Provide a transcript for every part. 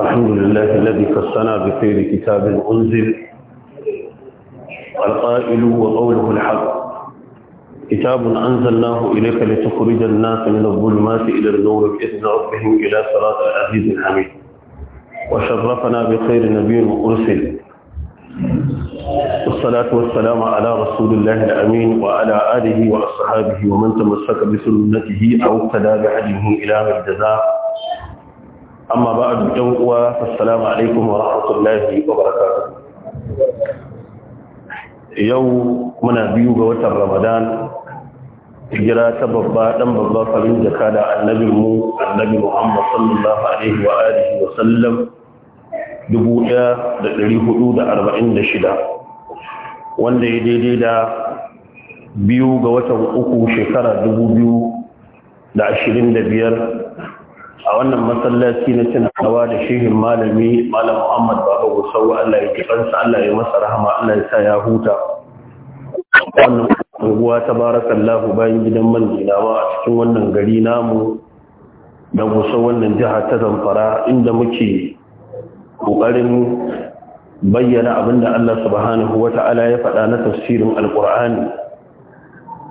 الحمد لله الذي فسنا بخير كتاب أنزل القائل وقوله الحق كتاب أنزلناه إليك لتخرج الناس من الظلمات إلى النور بإذن ربهم إلى صراط العزيز الحميد وشرفنا بخير نبي أرسل والصلاة والسلام على رسول الله الأمين وعلى آله وأصحابه ومن تمسك بسنته أو اقتدى بهديه إلى الجزاء amma ba a yan uwa assalamu alaikum wa rahmatullahi wa barakatuh yau muna biyu ga watan ramadan hijira ta babba dan babba farin jaka da annabin mu annabi muhammad sallallahu alaihi wa alihi wa sallam 1446 wanda ya daidai da biyu ga watan uku shekara 2025 a wannan masallaci na tunawa da shehin malami malam muhammad baba gusau allah ya kifansa allah ya masa rahama allah ya sa ya huta wannan unguwa ta barakallahu bayan gidan man dinawa a cikin wannan gari namu da gusau wannan jiha ta zamfara inda muke ƙoƙarin bayyana abinda allah subhanahu wata'ala ya faɗa na tafsirin alkur'ani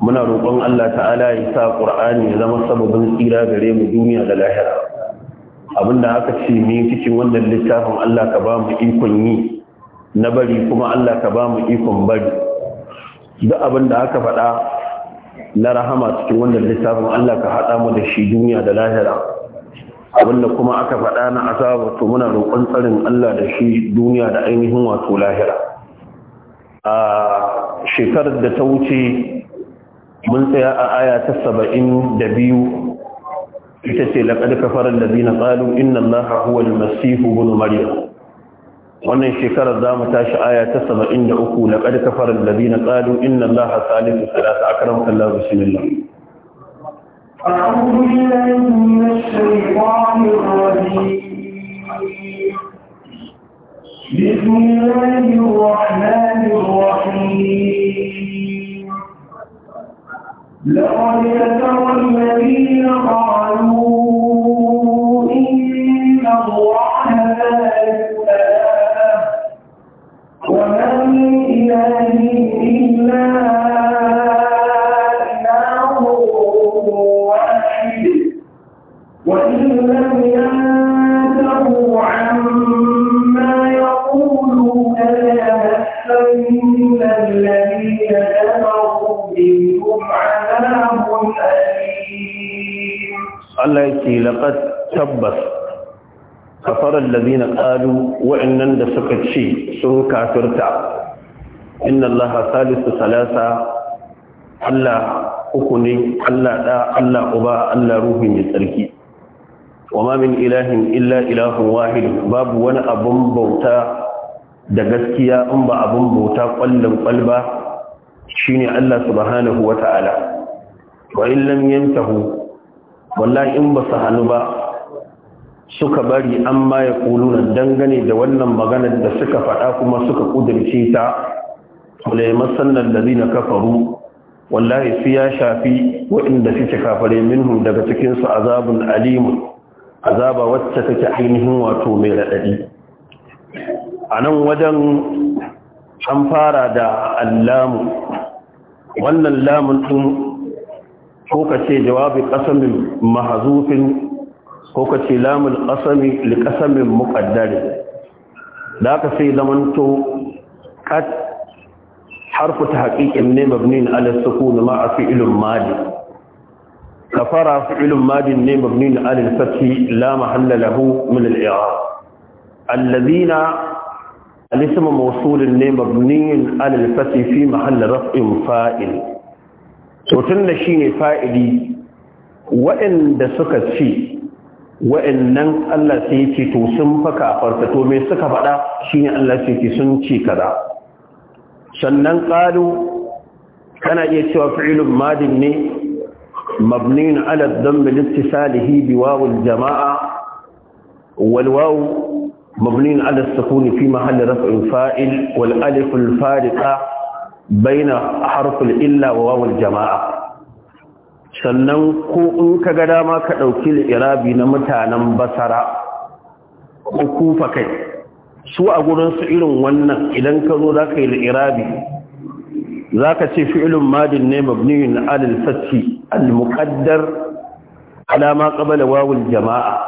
muna roƙon Allah ta'ala ya sa Qur'ani ya zama sababin tsira gare mu duniya da lahira abinda aka ce ni cikin wannan littafin Allah ka ba mu ikon yi na bari kuma Allah ka ba mu ikon bari duk abinda aka faɗa na rahama cikin wannan littafin Allah ka haɗa mu da shi duniya da lahira wanda kuma aka faɗa na azaba to muna roƙon tsarin Allah da shi duniya da ainihin wato lahira a shekarar da ta wuce mun tsaya a aya ta saba'in da biyu ita ce laƙar kafarar da zina tsalu inna allaha huwa masihu bin maryam wannan shekarar za mu tashi aya ta saba'in da uku laƙar kafarar da zina tsalu inna allaha salisu salasa akaram kallah bismillah أعوذ بالله من الشيطان الرجيم بسم الله الرحمن الرحيم لقد كفر الذين قالوا إن الله لا Allah ya ce laqad tabbas kafarar lazina ƙalu da suka ce sun kafirta inna Allah salisu salasa Allah uku ne Allah ɗa Allah uba Allah ruhu mai tsarki wa ma min ilahin illa ilahun wahid babu wani abun bauta da gaskiya in ba abun bauta ƙwallon ƙwalba shine Allah subhanahu wa ta'ala wa in lam yantahu wallahi in ba su hannu ba suka bari an maye ya kuluna dangane da wannan maganar da suka faɗa kuma suka ƙudurce ta sulaiman sannan da zina kafaru wallahi su ya shafi waɗanda suke kafare minhum daga cikinsu azabun alimun azaba wacce take ainihin wato mai raɗaɗi a nan wajen an fara da allamu wannan lamun ɗin ko ka ce jawabi qasamin mahzufin ko ka ce lamul qasami li qasamin muqaddari da ka sai zamanto qad harfu tahqiqin ne mabni ala sukun ma fi'il madi kafara fi'il madi ne mabni ala fath la mahalla lahu min al-i'rab alladhina الاسم موصول مبني على الفتح fi محل رفع فاعل to da shi ne fa'idi waɗanda suka ce waɗannan Allah sai ce to sun faka farfato mai suka faɗa shi ne Allah sai ce sun ce kaza sannan ƙalu kana iya cewa fi'ilun madin ne mabnin ala dhanbi littisalihi bi wawul jama'a Walwawu, mabnin ala sukuni fi mahalli raf'in fa'il wal alif fariƙa. baina harful illa wa wawul jama'a sannan ko in ka ga dama ka ɗauki irabi na mutanen basara ko kufa kai su a su irin wannan idan ka zo za ka yi irabi za ka ce fi'ilun madin ne mabniyun alil fatti al-muqaddar alama qabala wawul jama'a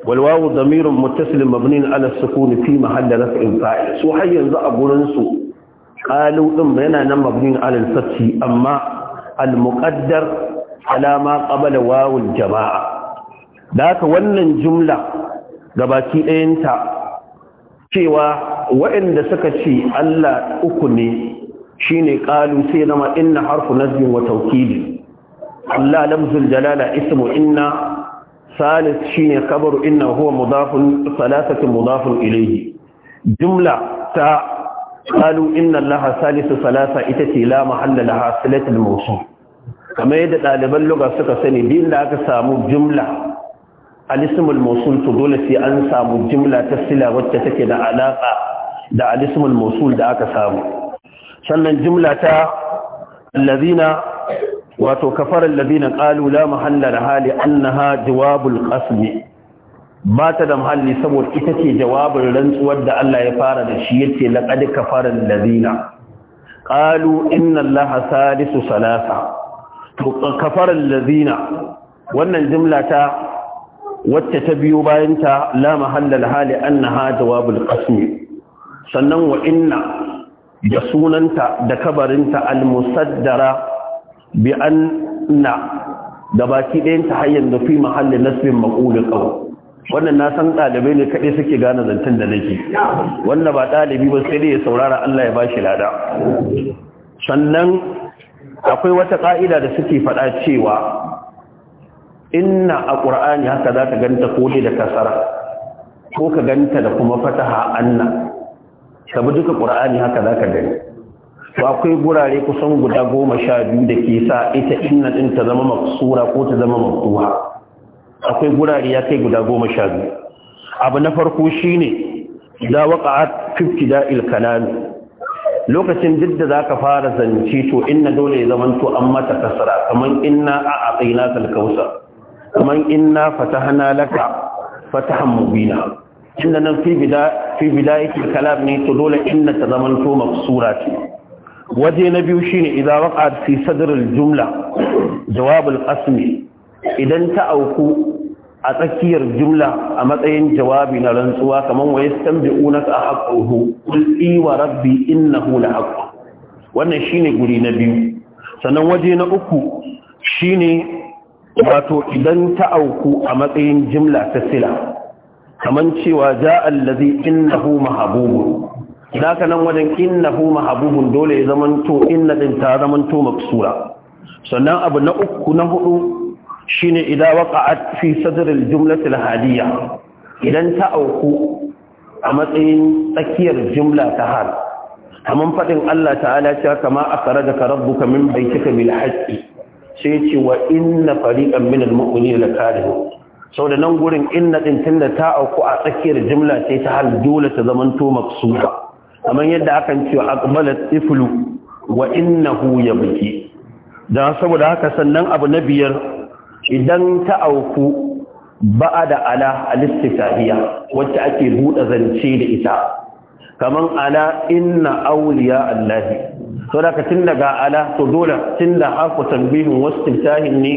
wawu ضمير متصل مبني ala السكون fi محل رفع فاعل Su har yanzu a gurin su qalu din yana nan mabni alal fathi amma al muqaddar ala ma qabala wawul jamaa daka wannan jumla gabaki ɗayanta cewa waɗanda suka ce Allah uku ne shine qalu sai nama inna harfu nazbin wa Taukili. Allah lamzul jalala ismu inna salis shine خبر إنه هو مضاف ثلاثة مضاف إليه jumla ta. qalu inna allaha salisu salasa ita ce la mahalla laha silatul kamar yadda ɗaliban lugha suka sani biyun da aka samu jumla alismul mawsul to dole sai an samu jumla ta sila wacce take da alaƙa da alismul mosul da aka samu sannan jumla ta allazina wato kafara allazina qalu la mahalla laha li annaha jawabul qasmi ba ta da muhalli saboda ita ce jawabin rantsuwar da Allah ya fara da shi yace laqad kafara allazina qalu inna allaha salisu salasa to kafara allazina wannan jumla ta wacce ta biyo bayan ta la mahalla hali annaha jawabul qasmi sannan wa inna da sunanta da kabarinta al-musaddara bi anna da baki ɗayanta har da fi mahallin nasbin maqulul qawl wannan na san ɗalibai ne kaɗai suke gane zancen da nake Wannan ba ɗalibi ba sai dai ya saurara Allah ya ba bashi lada sannan akwai wata ƙa'ida da suke faɗa cewa inna a ƙur'ani haka za ka ganta ko dai da kasara ko ka ganta da kuma fataha anna ka duka ƙur'ani haka za ka gani to akwai gurare kusan guda goma sha biyu da ke sa ita inna ɗin ta zama maksura ko ta zama maftuha akwai gurare ya kai guda goma sha biyu abu na farko shi ne. Za shine a waqa'at ibtida'il kalam lokacin duk da zaka fara zance to inna dole ya zaman an mata kasara kaman inna a'atina kal kausa kaman inna fatahna laka fatahan mubina inna nan fi bida fi bidayatil kalam ne to dole inna ta zaman to mafsura ce waje na biyu shi ne idza waqa'at fi sadr al jumla jawab al idan ta auku a tsakiyar jumla a matsayin jawabi na rantsuwa kamar wa yastanbi'una ka haqquhu qul i wa rabbi innahu la haqq wannan shine guri na biyu sannan waje na uku shine wato idan ta auku a matsayin jumla ta sila kamar cewa ja'a allazi innahu mahbubun daka nan wajen innahu mahbubun dole ya zamanto inna din ta zamanto maksura sannan abu na uku na hudu shine idza waka fi sadr al-jumlah haliya idan ta auku a matsayin tsakiyar jumla ta hal kaman fadin Allah ta'ala cewa kama akhrajaka rabbuka min baytika bil haqqi sai ce wa inna fariqan min al-mu'minina Sau da nan gurin inna din tunda ta auku a tsakiyar jumla sai ta hal dole ta zamanto maksuba kamar yadda akan cewa aqbalat tiflu wa innahu yabki dan saboda haka sannan abu na biyar idan ta auku ba'a da ala al wacce ake buɗe zance da ita kaman ala inna awliya allahi to da ka tun daga ala to dole tun da harfu tanbihin wastiftahin ne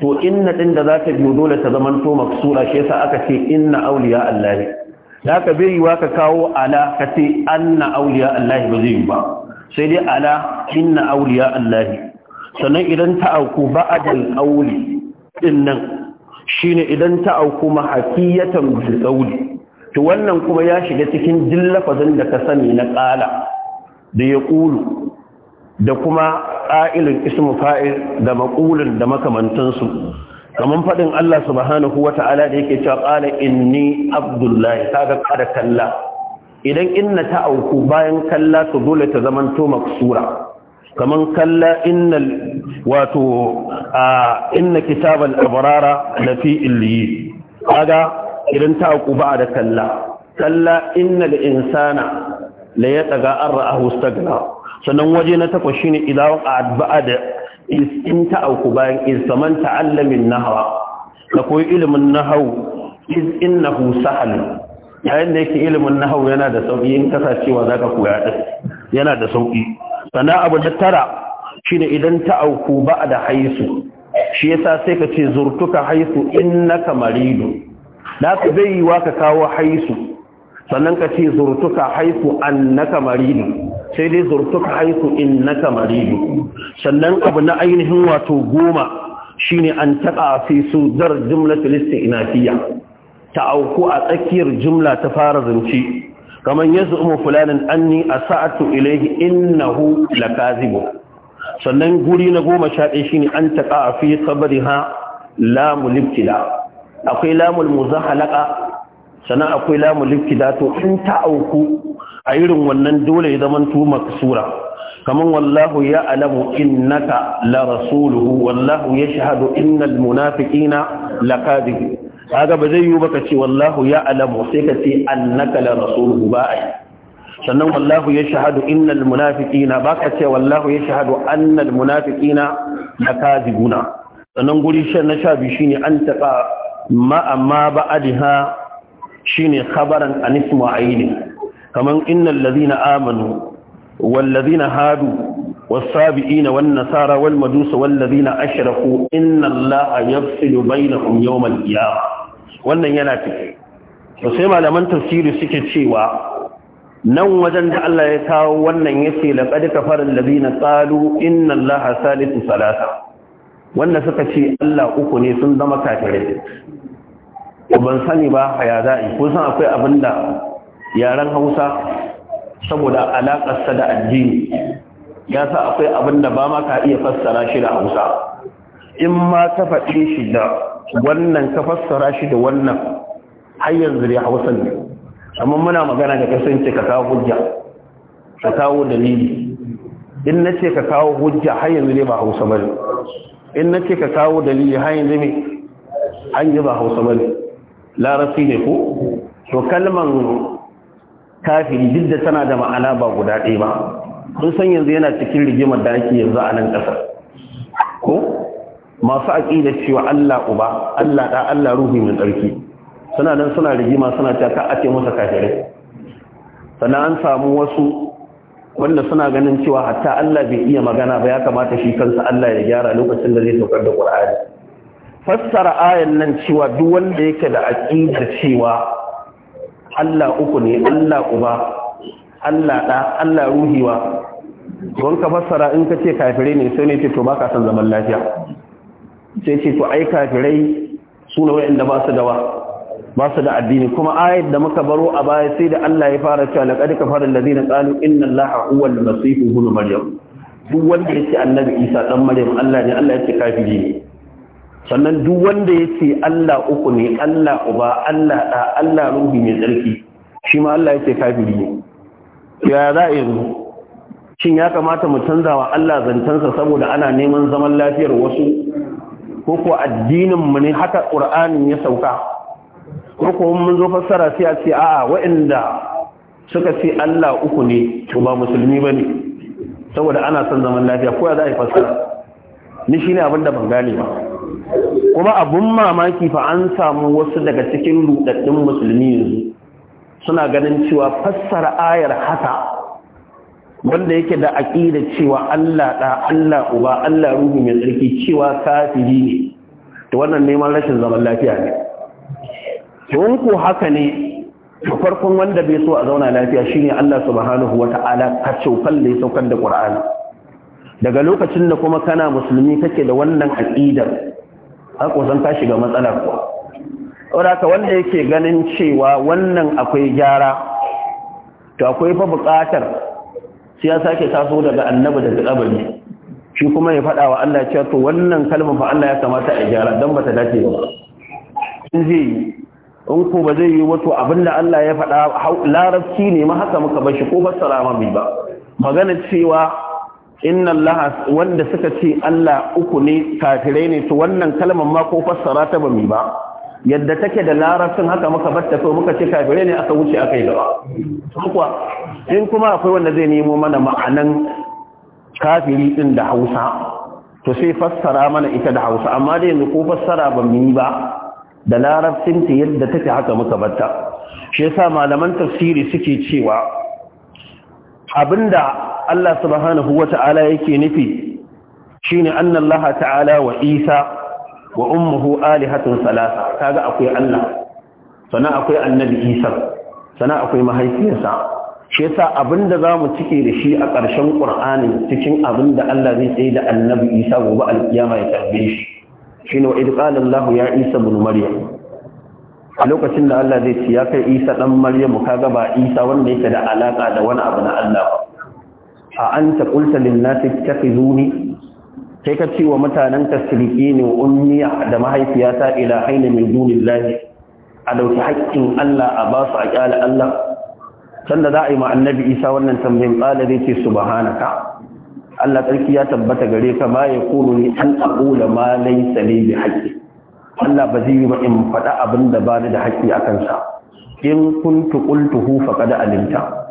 to inna din da zaka biyo dole ta zaman to maksura shi yasa aka ce inna awliya allahi da ka bai wa ka kawo ala ka ce anna awliya allahi ba zai yi ba sai dai ala inna awliya allahi sannan idan ta auku ba'adal qawli din nan shine idan ta auku mahafiyatan bil to wannan kuma ya shiga cikin dillafazin da ka sani na ƙala da ya ƙulu da kuma ƙa'ilin ismu fa'il da maqulun da makamantansu kamar faɗin Allah subhanahu Ta'ala da yake cewa qala inni abdullahi ta ga ƙara kalla idan inna ta auku bayan kalla to dole ta zamanto maksura kaman kalla innal wato inna kitabal abrara lafi illiyi kaga idan ta ba da kalla kalla innal insana la yataga arahu stagna sannan waje na takwas shine idan adba'a da in ta auku bayan in saman ta'allamin nahwa ka koyi ilimin nahwu iz innahu sahal yayin da yake ilimin nahwu yana da sauki in cewa zaka koya yana da sauki sana abu na tara shine idan ta auku ba da haisu shi yasa sai ka ce zurtuka haisu naka maridu da ka bai yiwa ka kawo haisu sannan ka ce zurtuka haisu annaka maridu sai dai zurtuka haisu innaka maridu sannan abu na ainihin wato goma shine an taƙa fi su dar jumlatul inafiya, ta auku a tsakiyar jumla ta fara zance kamar yasu umu fulanin anni sa'atu ilaihi innahu lakazigo. sannan guri na goma sha ɗaya shine an a fi qabriha lamul ibtila akwai lamul halaƙa? sannan akwai lamul to in ta auku a irin wannan dole ya zaman tu maksura kaman wallahu ya alamu innaka la rasuluhu wallahu ya shahadu innal munafiqina lakazigo. kaga ba zai yi ba ka ce wallahu ya alamu sai ka ce annaka la rasuluhu ba ai sannan wallahu ya shahadu innal munafiqina ba ka ce wallahu ya shahadu annal munafiqina lakazibuna sannan guri shan na sha biyu shine an taqa ma amma ba'daha shine khabaran an isma'ili kaman innal ladina amanu wal ladina hadu والسابئين والنصارى والمجوس والذين أشركوا إن الله يفصل بينهم يوم القيامة wannan yana fiye to sai malaman tafsiri suke cewa nan wajen da Allah ya kawo wannan yace laqad kafara allazina qalu inna allaha salisu salasa wanda suka ce Allah uku ne sun zama kafirai ban sani ba ya za'i ko san akwai abinda yaren Hausa saboda alakarsa da addini ya sa akwai abinda ba ma ka iya fassara shi da Hausa in ma ta faɗi shi da wannan ka fassara shi da wannan har yanzu dai hausa ne amma muna magana da kasance ka kawo hujja ka kawo dalili in na ce ka kawo hujja har yanzu dai ba hausa bane in na ce ka kawo dalili har yanzu me ba Hausa ba hausa bane ne ko to kalman kafiri duk da tana da ma'ana ba guda ɗaya ba kun san yanzu yana cikin rigimar da ake yanzu a nan ƙasa, ko masu aƙida cewa Allah uba Allah da Allah ruhi mai tsarki suna nan suna rigima suna cewa ka ake masa kafirai sannan an samu wasu wanda suna ganin cewa hatta Allah bai iya magana ba ya kamata shi kansa Allah ya gyara lokacin da zai saukar da Qur'ani fassara ayan nan cewa duk wanda yake da aƙida cewa Allah uku ne Allah uba Allah da Allah ruhiwa don ka fassara in ka ce kafire ne sai ne ce to baka son zaman lafiya sai ce to ai firai su ne wa'anda ba su da ba su da addini kuma ayat da muka baro a baya sai da Allah ya fara cewa laqad fara alladhina qalu inna allaha huwa al-masih ibn maryam duk wanda yace annabi isa dan maryam Allah ne Allah yace kafiri ne sannan duk wanda yace Allah uku ne Allah uba Allah da Allah ruhi mai tsarki shi ma Allah yace kafiri ne ya za a yanzu shin ya kamata mu canza wa Allah zancensa saboda ana neman zaman lafiyar wasu ko ko addinin mu ne haka qur'anin ya sauka ko ko mun zo fassara sai a ce a'a waɗanda suka ce Allah uku ne to ba musulmi bane saboda ana son zaman lafiya ko ya za a yi fassara ni shine abin da ban gane ba kuma abun mamaki fa an samu wasu daga cikin rudaddin musulmi yanzu suna ganin cewa fassara ayar haka wanda yake da aƙida cewa Allah ɗa Allah uba Allah ruhu mai tsarki cewa kafiri ne to wannan neman rashin zaman lafiya ne tun ku haka ne to farkon wanda bai so a zauna lafiya shine Allah subhanahu wata'ala ka cokal da ya saukar da Qur'ani daga lokacin da kuma kana musulmi kake da wannan aƙidar har kusan ka shiga matsala kuwa saboda wanda yake ganin cewa wannan akwai gyara to akwai fa buƙatar sai ya sake taso daga annabi da kabari shi kuma ya faɗa wa Allah cewa to wannan kalmar fa Allah ya kamata a gyara dan bata dace ba in zai in ko ba zai yi wato abinda Allah ya faɗa larabci ne ma haka muka bashi ko fassara ma bai ba magana cewa inna Allah wanda suka ce Allah uku ne kafirai ne to wannan kalmar ma ko fassara ta ba mi ba yadda take da larabcin haka muka batta so muka ce kafirai ne aka wuce aka yi gaba kuwa in kuma akwai wanda zai nemo mana ma'anan kafiri din da hausa to sai fassara mana ita da hausa amma da yanzu ko fassara ba mu yi ba da larabcin ta yadda take haka muka batta shi yasa malaman tafsiri suke cewa abinda Allah subhanahu wata'ala yake nufi shine annallaha ta'ala wa Isa wa ummuhu alihatun salasa kaga akwai Allah Sana akwai annabi Isa Sana akwai mahaifiyarsa shi yasa abinda zamu cike da shi a ƙarshen Qur'ani cikin abinda Allah zai tsaye da annabi Isa gobe alkiyama ya tarbe shi shine wa idqala Allah ya Isa ibn Maryam a lokacin da Allah zai ce ya kai Isa dan Maryam kaga ba Isa wanda yake da alaka da wani abu na Allah ba a anta qulta lin nasi takhizuni sai ka ce wa mutanen ka sirki ne ummiya da mahaifiyata ila haini min lahi? a dauki haƙƙin Allah a ba su a kyala Allah sanda za a yi ma annabi Isa wannan tambayin qala zai ce subhanaka Allah tsarki ya tabbata gare ka ma ya kunu ni an aqula ma laysa li bi Allah ba zai yi ba in faɗa abin da ba ni da haƙƙi a kansa in kuntu qultuhu faqad alimta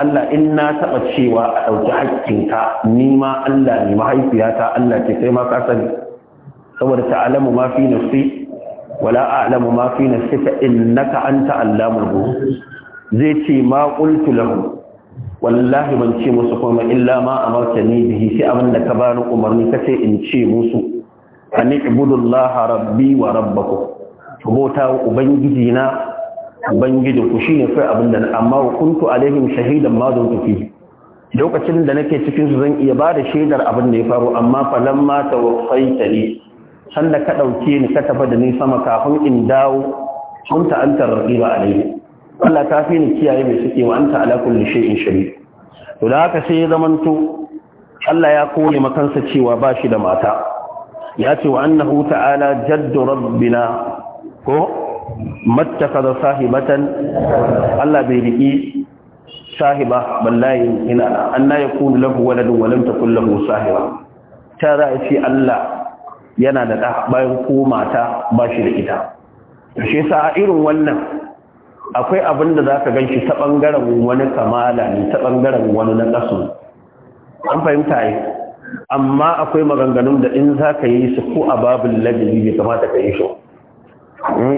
Allah in na taɓa cewa a ɗauki haƙƙinka ni ma Allah ne mahaifiyata Allah ce sai ma ka sani saboda ta'alamu ma fi nafsi wala a'lamu ma fi nafsika innaka anta allamul ghuyub zai ce ma qultu lahum wallahi ban ce musu kuma illa ma amartani bihi sai abin da ka bani umarni kace in ce musu an ibudullaha rabbi wa rabbakum bauta ubangiji na ubangijin ku shine kai abin da amma kuntu alaihim shahidan ma dun fi lokacin da nake cikin su zan iya bada shaidar abin da ya faru amma falan ma tawaffaita ni sanda ka dauke ni ka tafi da ni sama kafin in dawo kunta anta raqiba alaihi Allah ta fi ni kiyaye mai suke wa anta ala kulli shay'in shahid to da haka sai ya zamanto Allah ya kone makansa cewa ba shi da mata ya ce wa annahu ta'ala jaddu rabbina ko mattakaza sahibatan Allah bai riƙi sahiba ballahi ina an la yakunu lahu waladun wa lam takul lahu sahiba ta za a ce Allah yana da ɗa bayan ko mata ba shi da ita shi sa'a irin wannan akwai abin da za gan shi ta ɓangaren wani kamala ne ta ɓangaren wani na ƙasu an fahimta yi amma akwai maganganun da in za ka yi su ko a babin ladabi bai kamata ka yi shi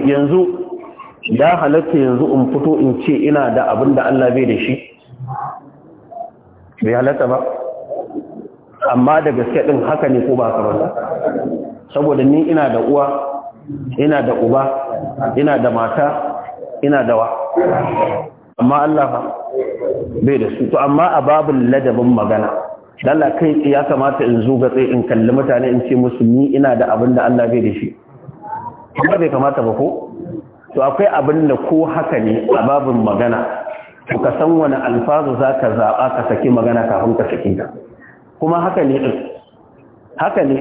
yanzu ya halatta yanzu in fito in ce ina da abin da Allah bai da shi bai halatta ba amma da gaske din haka ne ko ba ka ba saboda ni ina da uwa ina da uba ina da mata ina da wa amma Allah ba bai da su to amma a babin ladabin magana Allah kai ya kamata in zo sai in kalli mutane in ce musu ni ina da abin da Allah bai da shi kuma bai kamata ba ko to akwai abin da ko haka ne a babin magana to ka san wani alfazu za ka zaɓa ka saki magana kafin ka saki ka, kuma haka ne ɗin haka ne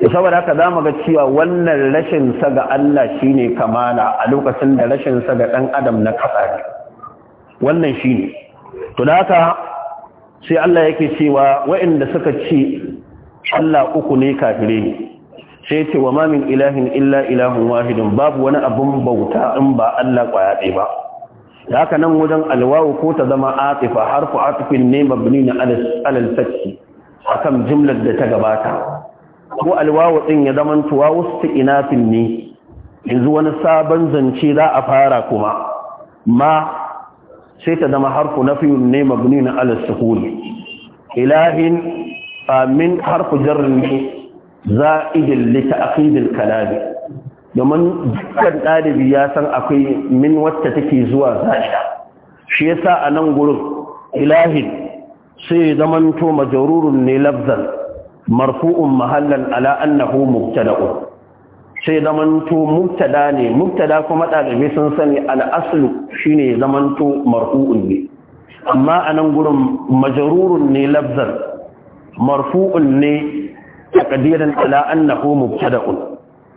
to saboda haka za mu ga cewa wannan rashin saga Allah shine kamala a lokacin da rashin saga ga ɗan adam na ƙasa ne wannan shine to da haka sai Allah yake cewa waɗanda suka ce Allah uku ne kafire ne sai ce wa mamin ilahin illa ilahun wahidun babu wani abun bauta in ba Allah kwaya ɗaya ba da haka nan wajen alwawu ko ta zama atifa harfu atifin ne mabni na alal sakki akan jimlar da ta gabata ko alwawu din ya zama tuwa wasu inafin ne yanzu wani sabon zance za a fara kuma ma sai ta zama harfu nafiyun ne mabni na alal sukuni ilahin min harfu jarrin ne za'idin li ta'qidil kalami domin dukkan ɗalibi ya san akwai min wacce take zuwa zasha shi yasa a nan gurin ilahin sai zamanto majarurun ne lafzan marfu'un mahallan ala annahu mubtada'un sai zamanto mubtada ne mubtada kuma ɗalibi sun sani al'aslu shine zamanto marfu'un ne amma a nan gurin majarurun ne lafzan marfu'un ne تقديرا على أنه مبتدا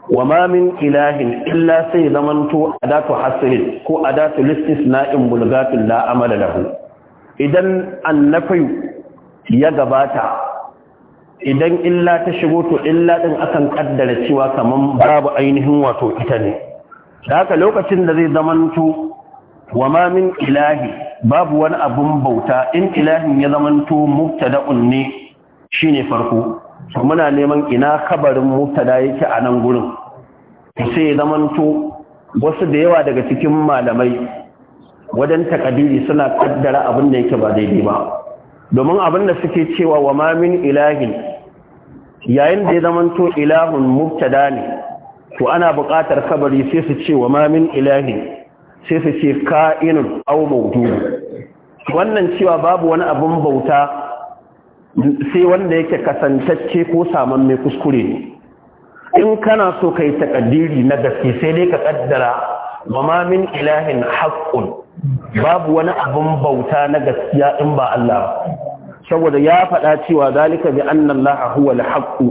وما من إله إلا سيزمنت أداة حسن ko أداة الاستثناء ملغات لا أمل له إذن النفي يغباتا idan illa ta shigo to illa ɗin akan ƙaddara cewa kamar babu ainihin wato ita ne haka lokacin da zai zamanto wa ma ilahi babu wani abun bauta in ilahin ya zamanto mubtada'un ne shine farko to muna neman ina kabarin mubtada yake a nan gurin sai zamanto wasu da yawa daga cikin malamai wajen takadiri suna kaddara abin da yake ba daidai ba domin abin da suke cewa wa mamin ilahin yayin da ya zamanto ilahun mubtada ne to ana buƙatar kabari sai su ce wa mamin ilahin sai su ce ka'inun au mawdu wannan cewa babu wani abin bauta sai wanda yake kasantacce ko saman mai kuskure ne in kana so ka yi takaddiri na gaske sai dai ka kaddara mamamin ilahin haƙƙun babu wani abin bauta na gaskiya in ba Allah saboda ya faɗa cewa zalika bi anna Allah huwa al-haqqu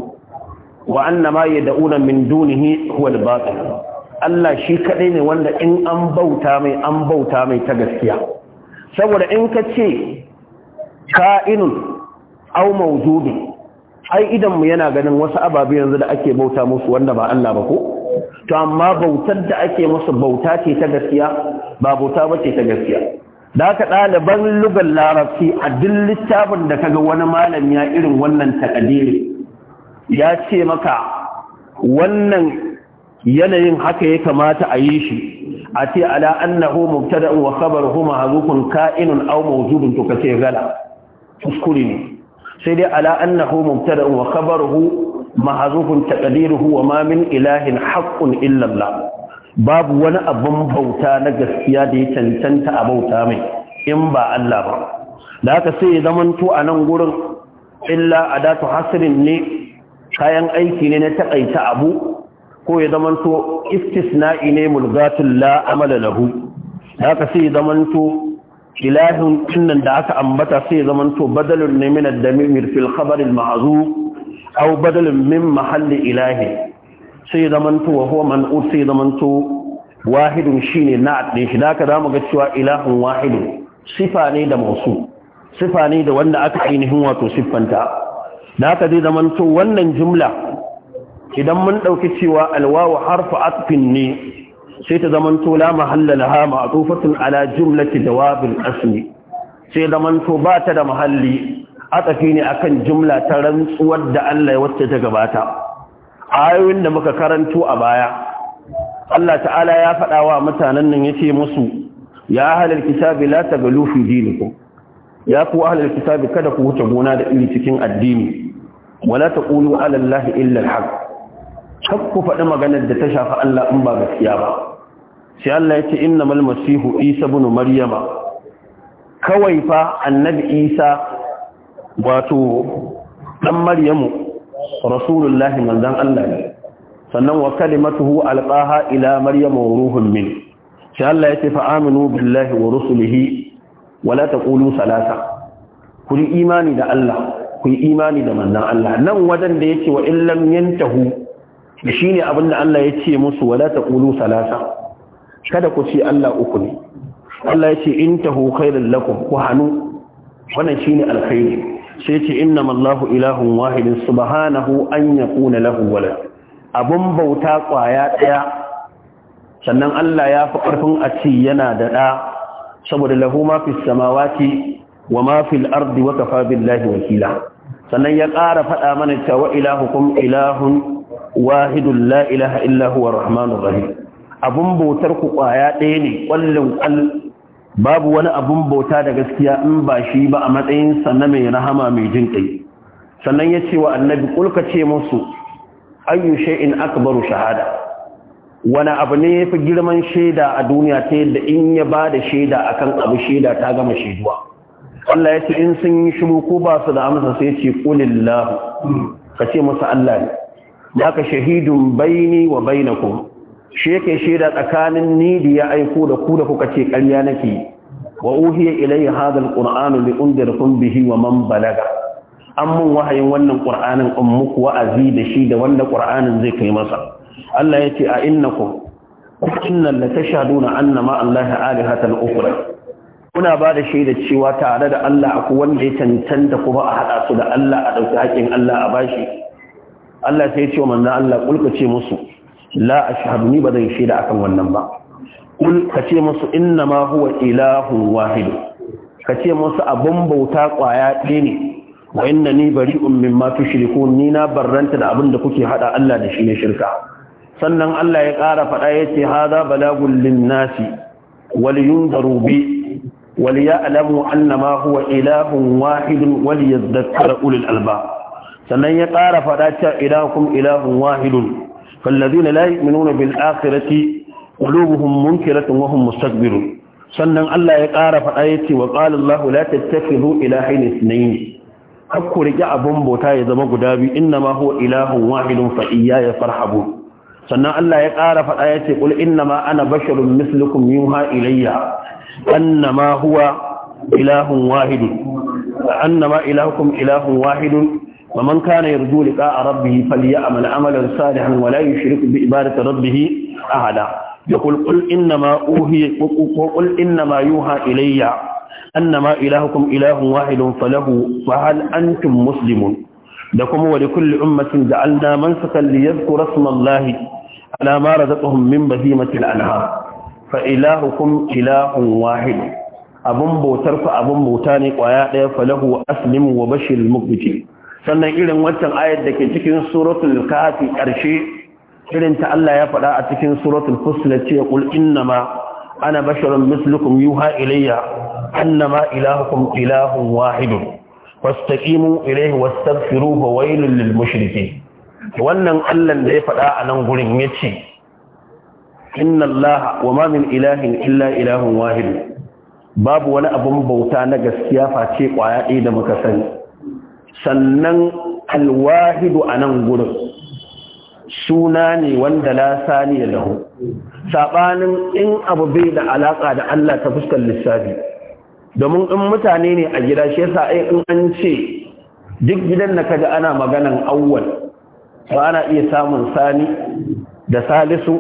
wa anna ma yad'una min dunihi huwa al-batil Allah shi kadai ne wanda in an bauta mai an bauta mai ta gaskiya saboda in ka ce ka'inun au mawjudin ai idan mu yana ganin wasu ababe yanzu da ake bauta musu wanda ba Allah ba ko to amma bautar da ake musu bauta ce ta gaskiya ba bauta ba ce ta gaskiya da haka ɗaliban lugal larabci a duk littafin da kaga wani malam ya irin wannan takadiri ya ce maka wannan yanayin haka ya kamata a yi shi a ce ala annahu mubtada'un wa khabaruhu mahzufun ka'inun aw mawjudun to kace gala kuskure ne sai dai ala annahu mubtada'un wa khabaruhu mahzufun taqdiruhu wa ma min ilahin haqqun illa Allah babu wani abin bauta na gaskiya da ya cancanta a bauta mai in ba Allah ba da haka sai ya zamanto a nan gurin illa adatu hasrin ne kayan aiki ne na takaita abu ko ya zamanto istisna'i ne mulgatul la amala lahu da haka sai ya zamanto Ilahin dinnan da aka ambata sai zaman to badalun ne min ad-damir fil khabar al-ma'zuf aw badalun min mahalli ilahi sai zaman to wa huwa ur, sai zaman to wahidun shine na din shi da ka zamu ga cewa ilahun wahidun sifa ne da mausu sifa ne da wanda aka ainihin wato siffanta da aka zai zamanto wannan jumla idan mun ɗauki cewa alwawu harfa atfin ne sai ta zamanto la a ma'tufatun ala jumlati jawabin asmi sai zamanto ba ta da mahalli atafi ne akan jumla ta rantsuwar da Allah ya wacce ta gabata ayoyin da muka karanto a baya Allah ta'ala ya faɗa wa mutanen nan yace musu ya ahlal kitabi la tagalu fi dinikum ya ku ahlal kitabi kada ku wuce gona da iri cikin addini wala taqulu ala illa alhaq kar ku faɗi maganar da ta shafi Allah in ba gaskiya ba sai Allah ya ce innamal masihu isa ibn maryama kawai fa annabi isa wato dan maryamu rasulullahi manzon Allah ne sannan wa kalimatuhu alqaha ila maryama ruhun min sai Allah ya ce fa aminu billahi wa rusulihi wa la taqulu salasa ku yi imani da Allah ku yi imani da manzon Allah nan wajen da yake wa illam yantahu shine abinda Allah ya ce musu wala taqulu salasa kada ku ce Allah uku ne Allah ya ce in tahu khairul lakum ku hanu wannan shine alkhairi sai ce innamallahu ilahun wahidin subhanahu an kuna lahu wala. abun bauta kwaya daya sannan Allah ya fi ƙarfin a ce yana da ɗa saboda lahu ma fis samawati wa ma ardi wa kafa billahi wakila sannan ya ƙara faɗa mana cewa ilahukum ilahun wahidun la ilaha illa huwa rahmanur rahim abun bautar ku kwaya ɗaya ne ƙwallon ƙwal babu wani abun bauta da gaskiya in ba shi ba a matsayin na mai rahama mai jin ƙai sannan ya ce wa annabi ƙulka ce musu ayyu shay'in akbaru shahada wani abu ne ya fi girman shaida a duniya ta yadda in ya ba da shaida a kan abu shaida ta gama shaiduwa Allah ya ce in sun yi shiru ko ba su da amsa sai ce ƙulillahu ka ce musu Allah ne ka shahidun baini wa bainakum shi yake shaida tsakanin ni da ya aiko da ku da kuka ce ƙarya nake wa uhiya ilayya hadha alqur'anu li undirkum bihi wa man balaga an mun wahayin wannan qur'anin in muku wa'azi da shi da wanda qur'anin zai kai masa Allah yace a innakum kunna la tashhaduna anna ma allahi alihatan ukhra kuna ba da shaida cewa tare da Allah akwai wanda ya cancanta kuma a hada su da Allah a dauki haƙin Allah a bashi Allah sai ya ce wa manzo Allah kulka ce musu la ashhadu ni ba zan shaida akan wannan ba kul kace musu inna ma huwa ilahun wahid kace musu abun bauta kwaya ɗaya ne wa inna ni bari'un mimma tushrikun ni na barranta da abin da kuke hada Allah da shi ne shirka sannan Allah ya ƙara faɗa yace hadha balagul linnasi wal yunzaru anna ma huwa ilahun هو إله واحد وليذكر أولي alba. sannan ya ƙara faɗa cewa ilahum ilahun wahidun فالذين لا يؤمنون بالآخرة قلوبهم منكرة وهم مستكبرون sannan Allah ya ƙara faɗa ya ce wa ƙalallahu la tattakhidhu ilahayn ithnayn hakku rike abun bauta ya zama guda biyu innama huwa ilahun wahidun fa iyaya farhabun sannan Allah ya ƙara faɗa ya ce qul innama ana basharun mislukum yuha ilayya annama huwa ilahun wahidun annama ilahukum ilahun wahidun ومن كان يرجو لقاء ربه فليعمل عملا صالحا ولا يشرك بعبادة ربه أحدا يقول قل إنما أوهي قل إنما يوحى إلي أنما إلهكم إله واحد فله فهل أنتم مسلمون لكم ولكل أمة جعلنا منسكا ليذكر اسم الله على ما رزقهم من بهيمة الأنهار فإلهكم إله واحد abun bautar ku abun bauta ne kwaya daya falahu aslim wa bashir mukbitin sannan irin wancan ayar da ke cikin suratul kafi ƙarshe irin ta Allah ya faɗa a cikin suratul fusilat ce qul innama ana basharun mislukum yuha ilayya annama ilahukum ilahun wahidun fastaqimu ilayhi wastaghfiruhu wa wailul lil mushrikeen wannan Allah da ya faɗa a nan gurin yace inna allaha wa ma min ilahin illa ilahun wahidu. babu wani abun bauta na gaskiya face kwaya ɗaya da muka sani sannan alwahidu a nan gurin suna ne wanda la sani lahu Saɓanin in abu bai da alaƙa da Allah ta fuskar lissafi domin in mutane ne a gida shi yasa ai in an ce duk gidan da kaji ana maganan awwal ba ana iya samun sani da salisu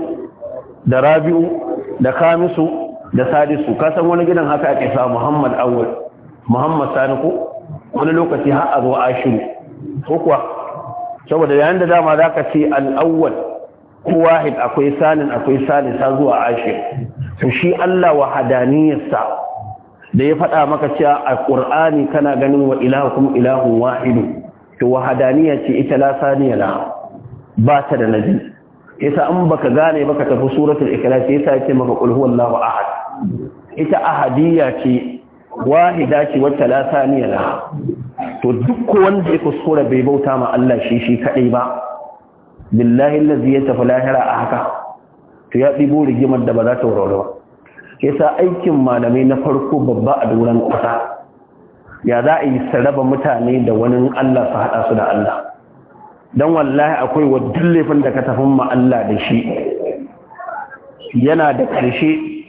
da rabi'u da kamisu da Salisu. ka san wani gidan haka ake sa Muhammad awwal Muhammad sani ko wani lokaci har a zo ashiru ko kuwa saboda yayin da dama za ka ce al'awwal ko wahid akwai salin akwai salisa zuwa ashir to shi Allah wa hadaniyarsa da ya faɗa maka cewa a ƙur'ani kana ganin wa ilahukum ilahun wahidu to wa hadaniya ce ita la saniya la ba ta da nabi yasa an baka gane baka tafi suratul ikhlas yasa yake maka qul huwallahu ahad ita ahadiyya ce wahida ce wata la saniya la to duk wanda ya kuskura bai bauta ma Allah shi shi kadai ba billahi allazi ya tafi lahira a haka to ya dibo rigimar da ba za ta warware ba yasa aikin malamai na farko babba a duran kusa. ya za a yi saraba mutane da wani Allah su hada su da Allah dan wallahi akwai wa laifin da ka tafi ma Allah da shi yana da ƙarshe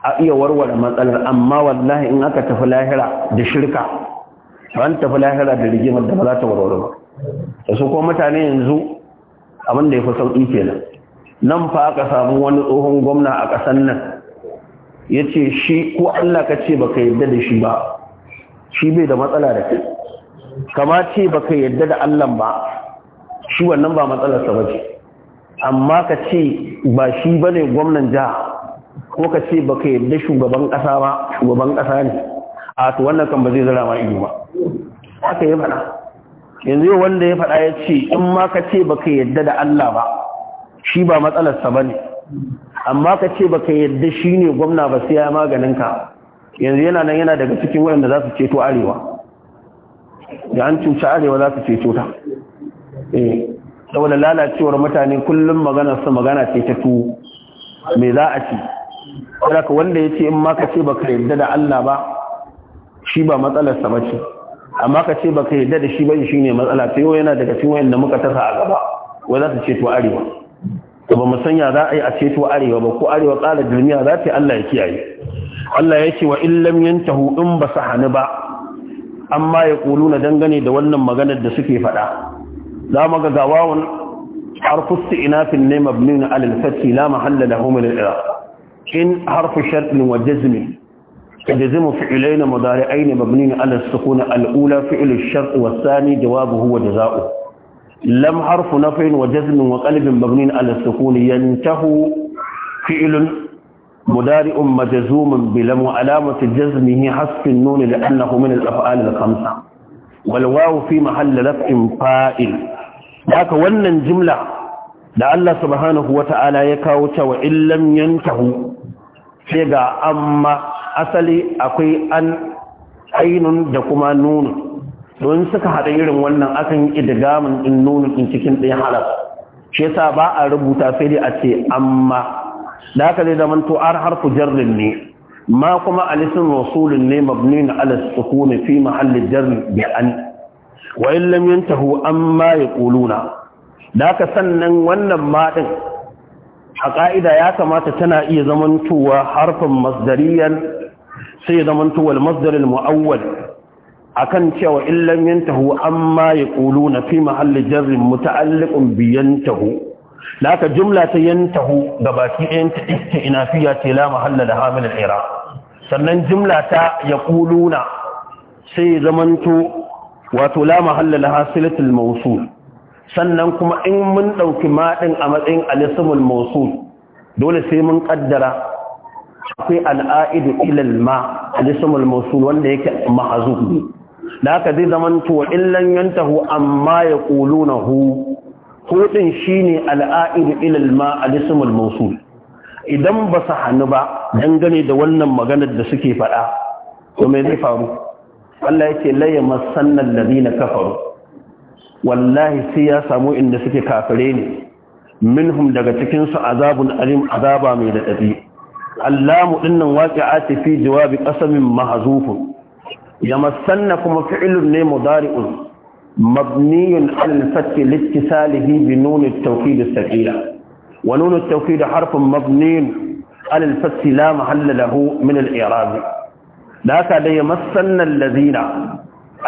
a iya warware matsalar amma wallahi in aka tafi lahira da shirka an tafi lahira da rigimar da ba za ta warware ba da su kuma mutane yanzu abin da ya fi sauƙi kenan nan fa aka samu wani tsohon gwamna a ƙasar nan ya ce shi ko Allah ka ce baka yadda da shi ba shi bai da matsala da kai kama ce baka yadda da Allah ba shi wannan ba matsalarsa ba ce amma ka ce ba shi bane gwamnan jiha ko ka ce ba ka yadda shugaban ƙasa ba shugaban ƙasa ne a to wannan kan ba zai zara ma ido ba haka ya faɗa yanzu yau wanda ya faɗa ya ce in ma ka ce ba ka yadda da Allah ba shi ba matsalarsa ba ne amma ka ce ba ka yadda shi ne gwamna ba sai ya maganin ka yanzu yana nan yana daga cikin waɗanda za su ceto arewa da an cuci arewa za su ceto ta eh, saboda lalacewar mutane kullum magana su magana ce ta tuwo me za a ci ka wanda ya ce in ma ka ce ka yarda da Allah ba shi ba matsalar ba ce amma ka ce ba ka yarda da shi ba ne matsala sai yau yana daga cikin wayanda muka tasa a gaba wa za ta ce to arewa to ba mu za a yi a ce to arewa ba ko arewa tsara duniya za ta Allah ya kiyaye Allah ya ce wa in lam yantahu in ba sa hani ba amma ya na dangane da wannan maganar da suke faɗa za mu ga gawawan harfusti ina ne mabnin alal fathi la mahalla lahu min iraq in harfu sharɗin wa jazmi jazmi fi'ilaina mudari'ain mabni ala sukun al-ula fi'l ash-shart wa thani jawabuhu wa jazaa'u lam harfu naf'in wa jazmin wa qalbin mabni ala sukun yantahu fi'l mudari'un majzumun bi lam wa alamati jazmihi hasfi an-nun li'annahu min al-af'al al-khamsa wal waw fi mahall naf'in fa'il haka wannan jimla da Allah subhanahu wa ya kawo cewa illam yantahu sai ga amma asali akwai an ainun da kuma nunu don suka haɗa irin wannan akan idgamin din nunu din cikin ɗaya halaf shi yasa ba a rubuta sai dai a ce amma da haka dai zaman to ar harfu jarrin ne ma kuma alisin rasulun ne mabnin ala sukuni fi mahallin jarri bi an wa illam yantahu amma yaquluna da haka sannan wannan ma din a ƙa'ida ya kamata tana iya zamantowa harfin masdariyar sai ya zamantowa masdarin mu'awwal a kan cewa illan yin taho amma ya ƙulu na fi mahallin jarrin muta'alliƙin biyan taho da aka jumla ta yin taho ga baki ɗayan ta ina fiya ce la mahalla da ira sannan jumla ta ya ƙulu na sai ya zamanto wato la mahalla da hasilatul mausul sannan kuma in mun ɗauki maɗin a matsayin alisumul mosul dole sai mun ƙaddara akwai al'a'idu ilal ma alisumul mosul wanda yake mahazu da aka zai zaman tuwa illan yantahu amma ya ƙulu na hu hudun shi ne al'a'idu ilal ma alisumul mosul idan ba su hannu ba dangane da wannan maganar da suke faɗa to zai faru Allah yake ce masannan lalina wallahi sai ya samu inda suke kafire ne minhum daga cikinsu azabun alim azaba mai da ɗabi allamu ɗinnan waƙi a tafi jawabi ƙasamin mahazufun ya masanna kuma fi'ilun ne mudari'un mabniyun al-fatti littisalihi bi nunin da sakila wa nunin da harfin mabniyun al-fatti la mahalla lahu min al da haka da ya masanna allazina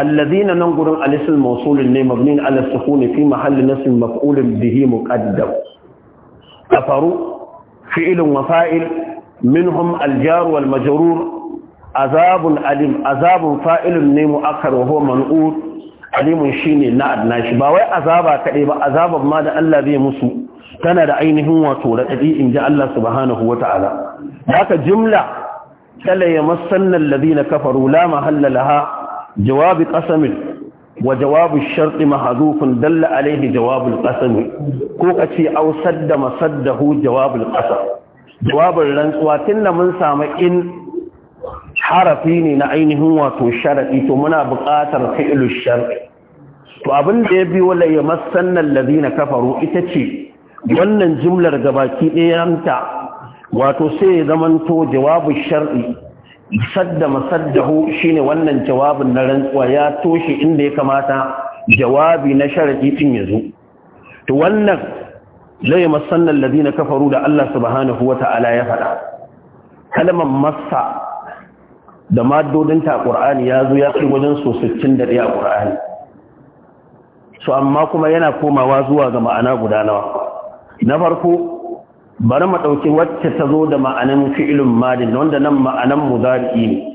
الذين ننقر الاسم الموصول ne مبني على السكون في محل نصب مفعول به مقدم كفروا فعل وفاعل منهم الجار والمجرور عذاب عليم عذاب فاعل ne مؤخر وهو منقول alimun shine na adna shi ba wai azaba kaɗai ba azabar ma da Allah zai musu tana da ainihin wato raɗaɗi in ji Allah subhanahu wa ta'ala haka jimla kala ya masannan ladina kafaru la mahalla laha jawabi qasamin wa jawabu shart mahdhufun dalla alayhi jawabu alqasam ko kace aw sadda masaddahu jawabu alqasam jawabin rantsuwa da mun samu in harafi ne na ainihin wato sharadi to muna buƙatar fi'lu shar'i to abin da ya biyo la yamassanna alladhina kafaru ita ce wannan jumlar gabaki ɗayanta wato sai ya zamanto jawabin shar'i sadda masaddahu shine wannan jawabin na rantsuwa ya toshe inda ya kamata jawabi na sharadi din yazo to wannan na yamassanna alladhina kafaru da Allah subhanahu wata'ala ya faɗa kalmar massa da maddodin ta Qur'ani yazo ya kai wajen so 61 a Qur'ani so amma kuma yana komawa zuwa ga ma'ana guda nawa na farko bari mu ɗauki wacce ta zo da ma'anin fi'ilun madin wanda nan ma'anan mudari'i ne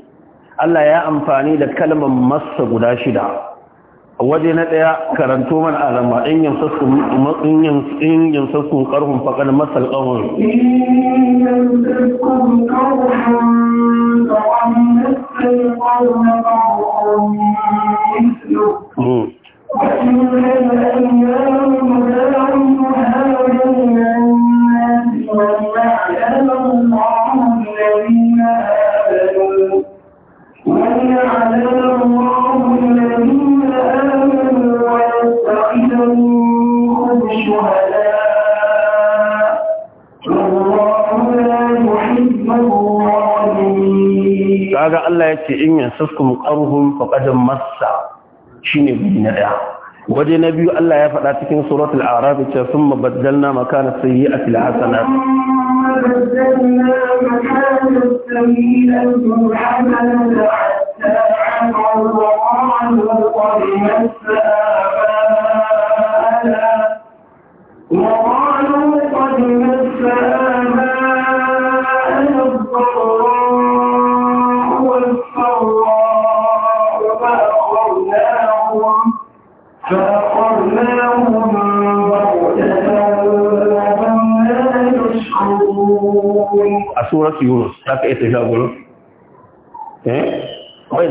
Allah ya amfani da kalmar masa guda shida waje na ɗaya karanto man alama in yin saskun in yin saskun karhun faƙar masal ƙawon Mm. وإن hmm. الأيام لا مدام وليعلم الله الذين آمنوا وليعلم الله الذين آمنوا ويتخذ منكم شهداء والله لا يحب الظالمين. قال الله يأتي إن ينصفكم قرهم فقد مس شيني بن waje na biyu Allah ya faɗa cikin suratul a'raf ce summa baddalna makana sayyi'ati al-hasanat وقالوا a suratu yunus za ka iya tafiya gurin eh wai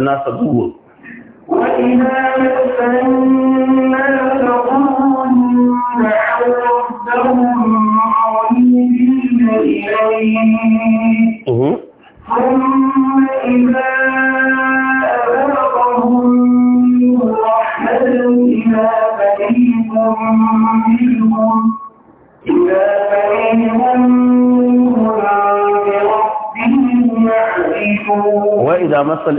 nasa duhur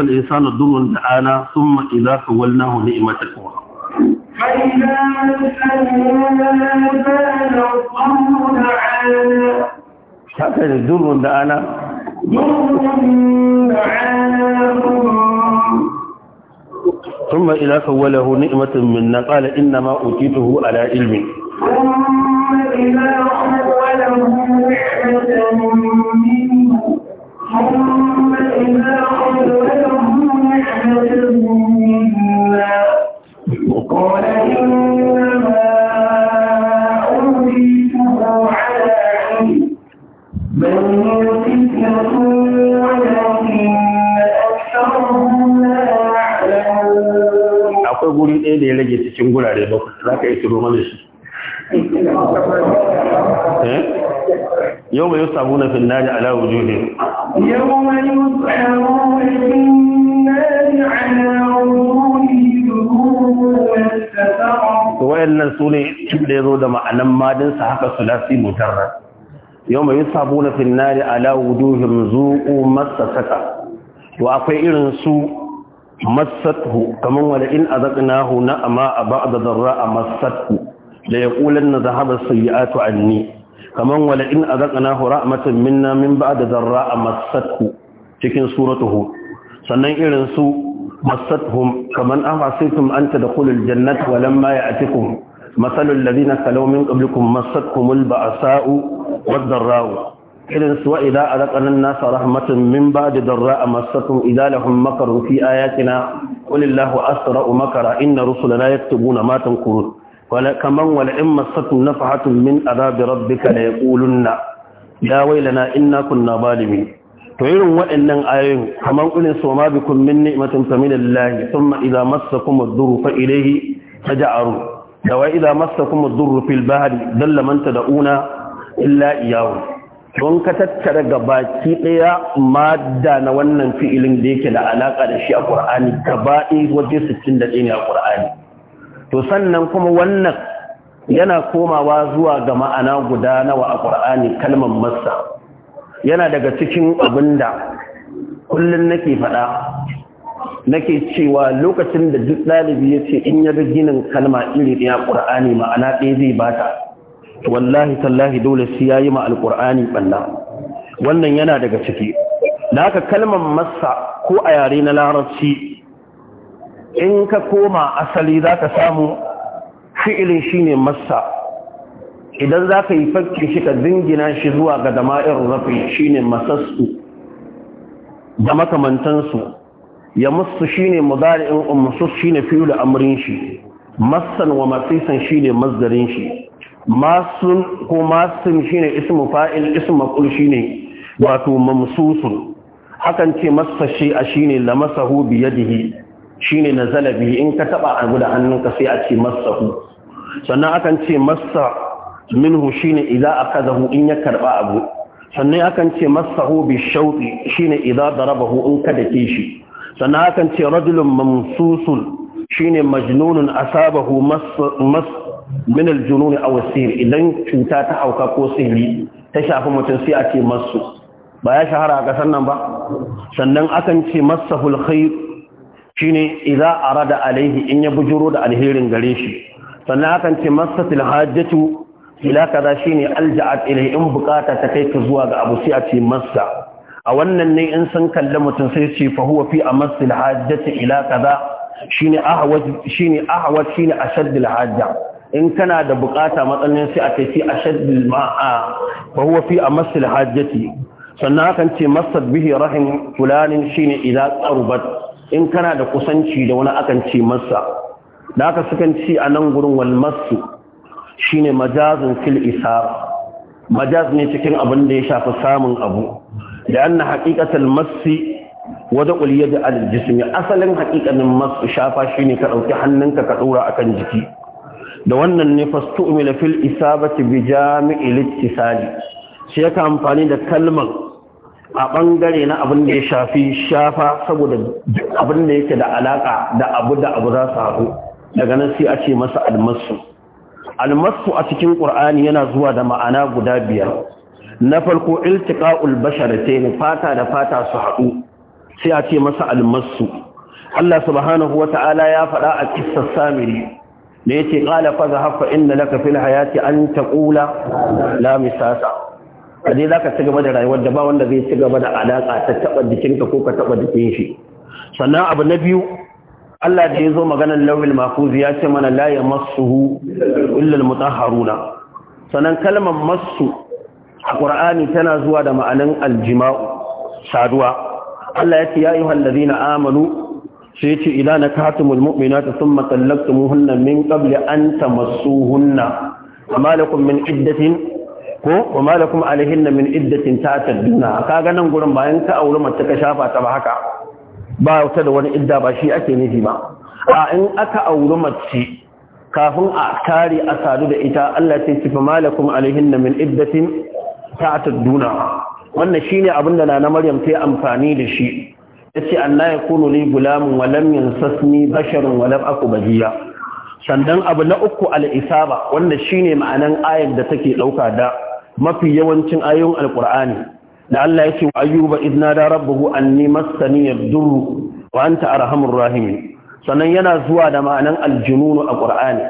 الإنسان ضر تعالى ثم إذا حولناه نعمة أخرى فإذا haka da durbin da ana ثم إذا حوله نعمة منا قال إنما أوتيته على علم ثم إذا حوله نعمة منا ثم إذا akwai guri ɗaya da ya rage cikin gurare ba, za ka yi turo mana shi eh? yau mai yi samu na finnari ala wujuhin يوم wayannan su ne da ya zo da ma'anan madinsa haka sulasi mutarra yau mai sabu na finnari ala wuduhim zuƙu masasaka to akwai irin su masathu kamar wani in a zaƙinahu na amma a ba da zarra a masathu da ya ƙulan na zahaba sayi'atu tu'anni. kaman wala in azaqnahu rahmatan minna min ba'da dharra massathu cikin suratuhu sannan irin su massathum kaman afasitum an tadkhulul jannata walamma ya'tikum مثل الذين خلوا من قبلكم مستهم البأساء والضراء a سوى إذا أذقنا الناس رحمة من بعد ضراء مستهم إذا لهم مكر في آياتنا قل الله أسرأ مكر إن رسلنا na matan تنكرون kaman wala in masatun nafahatun min azabi rabbika la yaqulunna ya wailana inna kunna Balimi? to irin waɗannan ayoyin kaman kulin soma bikum min ni'matin fa min Allah thumma idza massakum ad-durru fa ilayhi taj'arun da wa idza massakum ad-durru fil bahri dalla illa iyyahu don ka tattara gabaki ɗaya madda na wannan fi'ilin da yake da alaƙa da shi a ƙur'ani gaba ɗaya waje 61 ne a ƙur'ani to sannan kuma wannan yana komawa zuwa ga ma'ana guda nawa a ƙur'ani kalmar massa yana daga cikin abinda kullum nake faɗa nake cewa lokacin da duk ɗalibi ya ce in ya ga ginin kalma iri ɗaya ƙur'ani ma'ana ɗaya zai bata wallahi tallahi dole sai ya yi ma alƙur'ani ɓanna wannan yana daga ciki da haka kalmar massa ko a yare na larabci in ka koma asali za ka samu fi'ilin shi ne massa idan za ka yi fakki shi ka zingina shi zuwa ga dama'ir rafi shi ne masassu da makamantansu ya musu shi ne mudari'in umsus shi ne fiye da amurin shi massan wa matsisan shi ne mazgarin shi masun ko masun shi ne ismu fa'il ismu makul shi ne wato mamsusun hakan ce massa shi a shi ne lamasahu biyadihi Shi ne na zalabi in ka taba abu da hannunka sai a ce hu. sannan akan ce masa shi ne minhu shine idza hu in ya karba abu sannan akan ce mas'a hu bi shauɗi shi ne idan shine raba hu in ka dake shi sannan akan ce rajulun mamsusun shine majnunun asabahu mas min aljunun aw asir idan cuta ta hauka ko sihiri ta shafi mutum sai a ce masu ba ya shahara a ƙasar nan ba sannan akan ce masahul khair shine idza arada alaihi in ya bujuro da alherin gare shi sannan hakan ce masatil hajjatu ila kaza shine alja'at ilai in bukata ta kai ka zuwa ga abu sai a ce masa a wannan ne in sun kalli mutum sai ce fa huwa fi amasil hajjati ila kaza shine ahwaj shine ahwaj shine ashaddul hajja in kana da bukata matsalin sai a kai fi ashaddul ma'a fa huwa fi amasil hajjati sannan hakan ce masad bihi rahim fulanin shine ila qarubat in kana da kusanci da wani akan ce masa da aka sukan ci a nan gurin wal masu ne majazin fil isa majaz ne cikin abin da ya shafi samun abu da na haqiqatul masi wada qul a al ya asalin haqiqanin masu shafa shi ne ka ɗauki hannunka ka a kan jiki da wannan ne umila fil isa isabati bi jami'il ittisali sai ka amfani da kalmar a ɓangare na abin da ya shafi shafa saboda duk abin da yake da alaƙa da abu da abu za su haɗu daga nan sai a ce masa almasu almasu a cikin ƙur'ani yana zuwa da ma'ana guda biyar na farko iltiqa'ul basharatain fata da fata su haɗu sai a ce masa almasu Allah subhanahu Ta'ala ya faɗa a kissar samiri da ƙara qala fa zahfa inna laka fil hayati an taqula la misasa a dai za ka ci gaba da rayuwar da ba wanda zai ci gaba da alaƙa ta taɓa jikinka ko ka taɓa jikin shi sannan abu na biyu Allah da ya zo maganar lauyin mafuzi ya ce mana la ya masuhu illal Haruna. sannan kalmar masu a ƙur'ani tana zuwa da ma'anin aljima'u saduwa Allah ya ce ya ayyuhal na amanu sai ce idan na nakatumul mu'minata thumma tallaqtumuhunna min qabli an tamassuhunna amma lakum min iddatin ko wa malakum alaihin min iddatin ta kaga nan gurin bayan ka auri mace ka shafa ta ba haka ba wata da wani idda ba shi ake nufi ba a in aka auri mace kafin a kare a sadu da ita Allah sai sifa malakum alaihin min iddatin ta wannan shine abin da na Maryam ta yi amfani da shi yace anna yakunu li gulamun wa lam yansasni basharun wa lam aku bajiya sannan abu na uku al'isaba wanda shine ma'anan ayar da take ɗauka da mafi yawancin ayoyin alkur'ani da Allah yake wa ayyuba idna da rabbuhu anni massani yadurru wa anta arhamur rahimin sannan yana zuwa da ma'anan aljununu a ƙur'ani.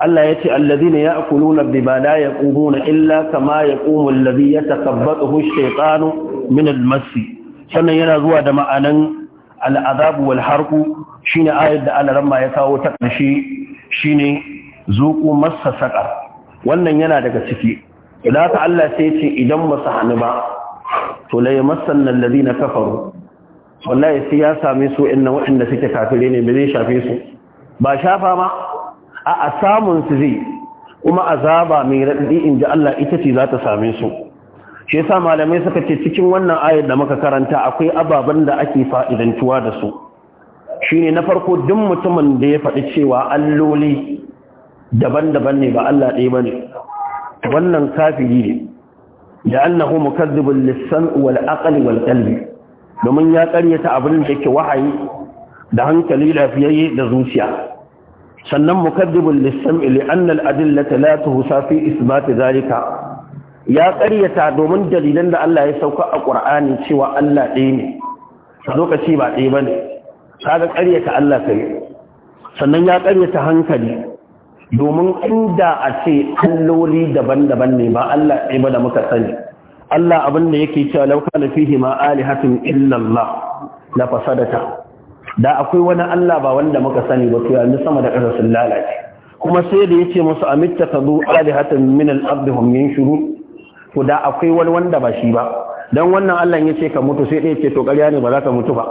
Allah yace alladhina ya'kuluna bima la yaqumuna illa kama yaqumu alladhi yatakabbathu ash-shaytanu min al-massi sannan yana zuwa da ma'anan al'azabu wal harku shine ayat da Allah ramma ya kawo ta shine zuqu massa saqar wannan yana daga ciki idan ka Allah sai ce idan ba su hannu ba to la yamassan alladhina kafaru wallahi sai ya same su inna wanda suke kafire ne ba zai shafe su ba shafa ma a samun su zai kuma azaba mai raɗaɗi in ji Allah ita ce za ta same su shi yasa malamai suka ce cikin wannan ayar da muka karanta akwai ababen da ake tuwa da su shine na farko duk mutumin da ya faɗi cewa alloli daban-daban ne ba Allah ɗaya bane wannan kafiri ne da annahu mukazzibul lisan wal aqli wal qalbi domin ya karyata abin da yake wahayi da hankali lafiyayye da zuciya sannan mukazzibul lisan li anna al adillata la tuhsa fi isbat zalika ya karyata domin dalilan da Allah ya sauka a Qur'ani cewa Allah ɗaya ne lokaci ba ɗaya bane kaga karyata Allah kai sannan ya karyata hankali domin inda a ce alloli daban-daban ne ba Allah ɗaya ba da muka sani Allah abin da yake cewa lauka na fihi ma alihatin illallah la fasadata da akwai wani Allah ba wanda muka sani ba to yanzu sama da ƙasa sun lalace kuma sai da yace musu amitta tadu alihatin min al-ard hum yanshuru to da akwai wani wanda ba shi ba dan wannan Allah yace ka mutu sai da yace to ƙarya ne ba za ka mutu ba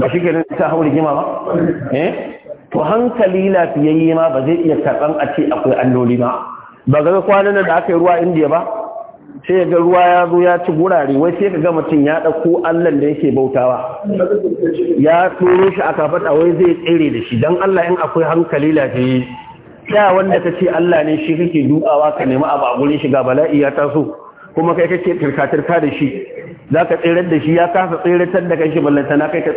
ba shi kenan ta hauri jima ba eh to hankali lafiyayye ma ba zai iya karɓan a ce akwai alloli ba ba ga kwanan da aka yi ruwa indiya ba sai ga ruwa ya zo ya ci gurare wai sai ka ga mutum ya ɗauko allan da yake bautawa ya turo shi a kafaɗa wai zai tsere da shi don allah in akwai hankali lafiyayye ya wanda ka ce allah ne shi kake dukawa ka nemi abu a gurin shi ga bala'i ya taso kuma kai kake tirka-tirka da shi za ka tsirar da shi ya kasa tsiratar da kai shi ballantana kai ka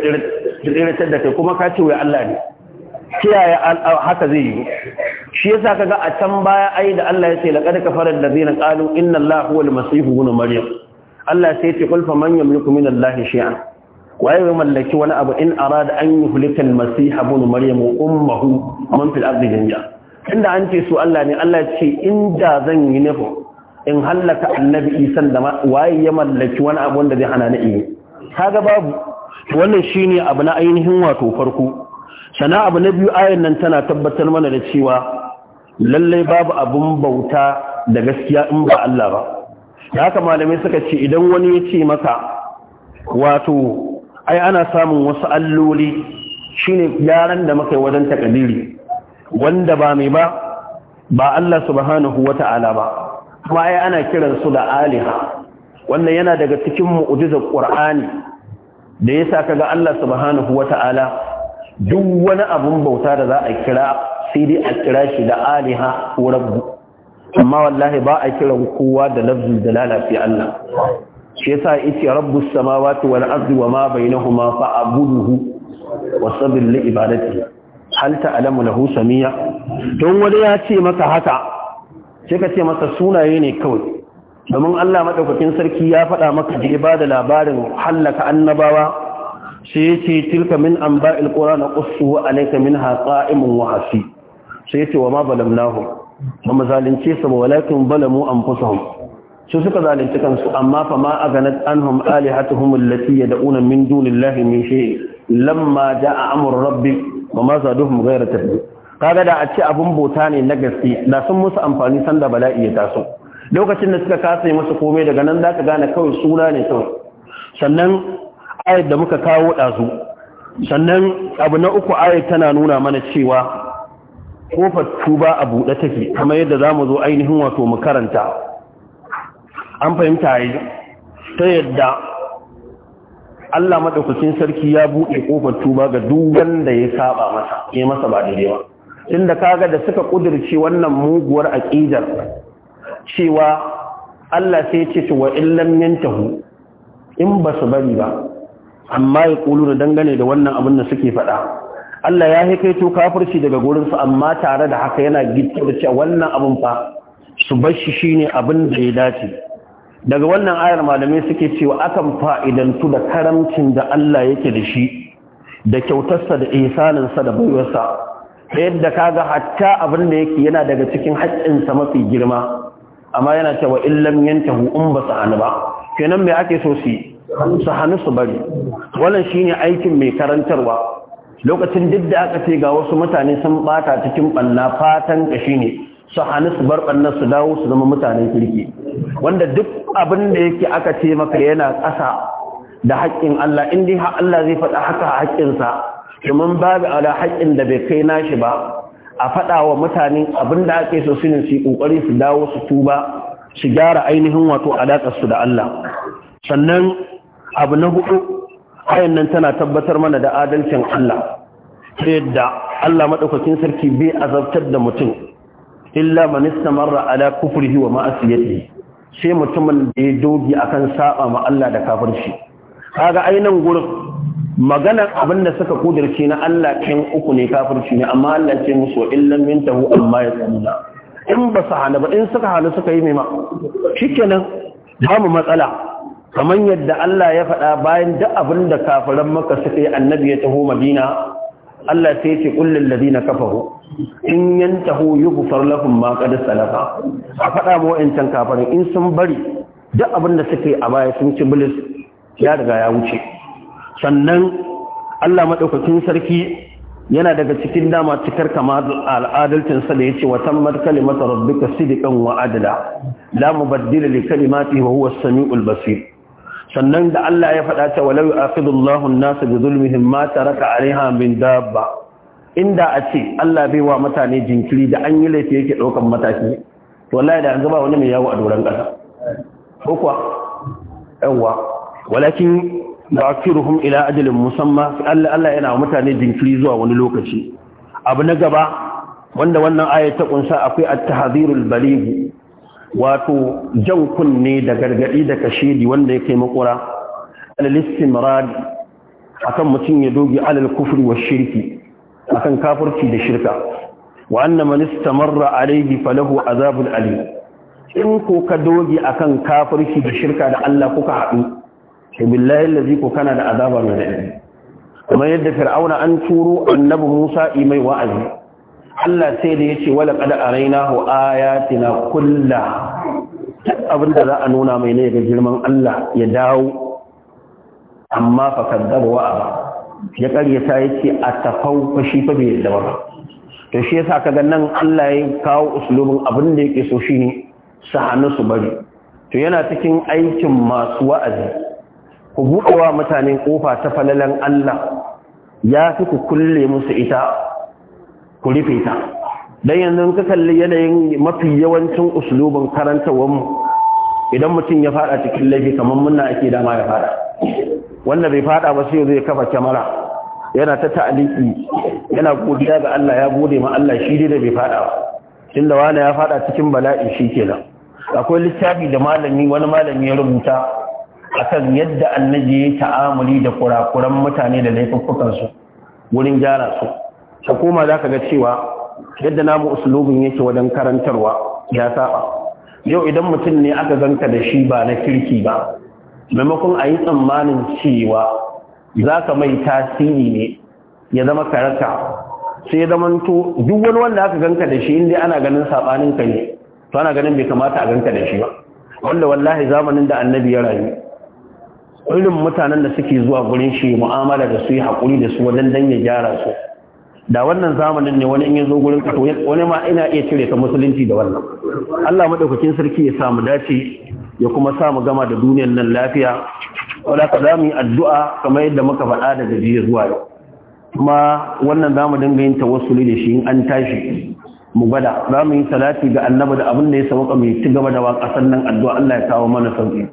tsiratar da kai kuma ka ce wai allah ne kiyaye haka zai yi shi yasa kaga a can baya ai da Allah ya ce laqad kafara allazina qalu inna allaha huwal masih ibn maryam Allah sai ya ce qul faman yamliku min allahi shay'an waye ya mallaki wani abu in arada an yuhlika al masih ibn maryam wa ummuhu man fil ardi jami'a inda an ce su Allah ne Allah ya ce inda zan yi nafu, in halaka annabi isa da waye ya mallaki wani abu wanda zai hana ni kaga babu wannan shine abu na ainihin wato farko sana abu na biyu ayin nan tana tabbatar mana da cewa lallai babu abin bauta da gaskiya in ba Allah ba Ya haka malamai suka ce idan wani ya ce maka wato ai ana samun wasu alloli shine yaran da muka yi wajen takadiri wanda ba mai ba ba Allah subhanahu wata'ala ba kuma ai ana su da aliha wannan yana daga cikin mu'jizar Qur'ani da yasa kaga Allah subhanahu wata'ala duk wani abun bauta da za a kira sai dai a kira shi da aliha ko rabbu amma wallahi ba a kiran kowa da lafzul da fi Allah shi yasa yace rabbus samawati wal ardi wama bainahuma fa'buduhu wasabir li ibadatihi hal ta'lamu lahu samia don wani ya ce maka haka sai ka ce masa sunaye ne kawai domin Allah madaukakin sarki ya faɗa maka da ibada labarin hallaka annabawa sai yace tilka min na qur'an qussu alayka minha qa'imun wa wahasi. sai yace wa ma nahu? ba mu zalunce su ba walakin balamu anfusahum su suka zalunci kansu amma fa ma aganat anhum alihatuhum da unan min dunillahi min shi. lamma ja'a amru rabbi ba ma zaduhum ghayra tadbir kaga da a ce abun bota ne na gaske da sun musu amfani sanda bala'i ya taso lokacin da suka kasa musu komai daga nan za ka gane kawai suna ne kawai sannan ayat da muka kawo ɗazu sannan abu na uku ayat tana nuna mana cewa kofar tuba a buɗe take kamar yadda za mu zo ainihin wato mu karanta an fahimta yi ta yadda Allah maɗaukacin sarki ya buɗe kofar tuba ga duk wanda ya saba masa ya masa ba daidai ba tunda kaga da suka kudirce wannan muguwar aƙidar cewa Allah sai ya ce wa illam yantahu in ba su bari ba amma ya ƙulu na dangane da wannan abin da suke faɗa Allah ya haikaito kafirci daga gurinsu amma tare da haka yana gitto da cewa wannan abin fa su bashi shine abin da ya dace daga wannan ayar malamai suke cewa akan fa'idantu da karamcin da Allah yake da shi da kyautarsa da ihsaninsa da baiwarsa ta yadda kaga hatta abin da yake yana daga cikin haƙƙinsa mafi girma amma yana cewa illam yantahu in ba su ba kenan me ake so su yi su hannu su bari wannan shine aikin mai karantarwa lokacin duk da aka ce ga wasu mutane sun bata cikin banna fatan ka ne, su hannu su bar bannan su dawo su zama mutane kirki wanda duk abin da yake aka ce maka yana ƙasa da haƙƙin Allah in dai Allah zai faɗa haka haƙƙinsa domin babu ala haƙƙin da bai kai nashi ba a faɗa wa mutane abin da ake so su ne su ƙoƙari su dawo su tuba su gyara ainihin wato su da Allah sannan abu na hudu ayan nan tana tabbatar mana da adalcin Allah ta yadda Allah maɗaukakin sarki bai azabtar da mutum illa man istamarra ala kufrihi wa ma'asiyatihi sai mutumin da ya dogi akan saba ma Allah da kafirci kaga ainihin gurin maganar abin da suka kudirce na Allah kin uku ne kafirci ne amma Allah ce musu illan mintahu amma ya tsamuna in ba su hana ba in suka hana suka yi mai ma shikenan babu matsala kamar yadda Allah ya faɗa bayan duk abin da kafiran maka suka yi annabi ya taho madina Allah sai ce kullun ladina kafaru in yantahu yughfar lahum ma qad salafa a faɗa mu wa'ancan kafirin in sun bari duk abin da yi a baya sun ci bilis ya riga ya wuce sannan Allah madaukakin sarki yana daga cikin dama cikar kama al'adalcin sa da yace wa tammat kalimatu rabbika sidqan wa adla la mubaddila li kalimatihi wa huwa as-sami'ul basir sannan da Allah ya faɗa ta walau akhidullahu an-nas bi zulmihim ma raka 'alayha min dabba inda a ce Allah bai wa mutane jinkiri da an yi laifi yake ɗaukar mataki to wallahi da an gaba wani mai yawo a doran kasa ko kuwa yawa walakin ba'thiruhum ila ajalin musamma Allah Allah yana wa mutane jinkiri zuwa wani lokaci abu na gaba wanda wannan aya ta kunsa akwai at-tahdhirul baligh wato jan kunne da gargaɗi da kashedi wanda ya kai makura al a kan mutum ya doge alal kufri wa shirki akan kafirci da shirka wa anna man istamarra alayhi falahu azabun Ali. in ko ka a akan kafirci da shirka da Allah kuka haɗu billahi allazi kana da azabar mai daɗi Kuma yadda fir'auna an turo annabi Musa imai wa'azi Allah sai da ya yace wala raina arainahu ayatina kulla duk abin da za a nuna mai ne ga girman Allah ya dawo amma fa kadzaba wa ya karyata yace a fa shi fa bai yadda ba to shi yasa kaga nan Allah ya kawo uslubin abin da yake so shine su hannu su bari to yana cikin aikin masu wa'azi ku buɗewa mutane kofa ta falalan Allah ya fi ku kulle musu ita ku rufe ta dan yanzu ka kalli yanayin mafi yawancin uslubin karantawar mu idan mutum ya fada cikin laifi kamar muna ake dama ya fada wanda bai fada ba sai zai kafa kyamara yana ta ta'aliki yana godiya ga Allah ya gode ma Allah shi dai da bai fada ba tunda wani ya fada cikin bala'i shi kenan akwai littafi da malami wani malami ya rubuta akan yadda annabi ya ta'amuli da kurakuran mutane da su wurin gyara su ka koma za ka ga cewa yadda namu usulubin yake wajen karantarwa ya saba yau idan mutum ne aka zanka da shi ba na kirki ba maimakon a yi tsammanin cewa za ka mai tasiri ne ya zama karata sai ya zama to duk wani wanda aka ganka da shi inda ana ganin saɓanin ka ne to ana ganin bai kamata a ganka da shi ba wanda wallahi zamanin da annabi ya rayu irin mutanen da suke zuwa gurin shi mu'amala da su yi haƙuri da su wajen dan ya gyara su da wannan zamanin ne wani in yazo gurin ka wani ma ina iya cire ka musulunci da wannan Allah madaukakin sarki ya samu dace ya kuma samu gama da duniyar nan lafiya wala ka za mu yi addu'a kamar yadda muka faɗa daga jiya zuwa yau kuma wannan za mu dinga yin tawassuli da shi in an tashi mu gwada za mu yi salati ga annabi da abin da ya samu mai ci gaba da wakasan nan addu'a Allah ya kawo mana sauki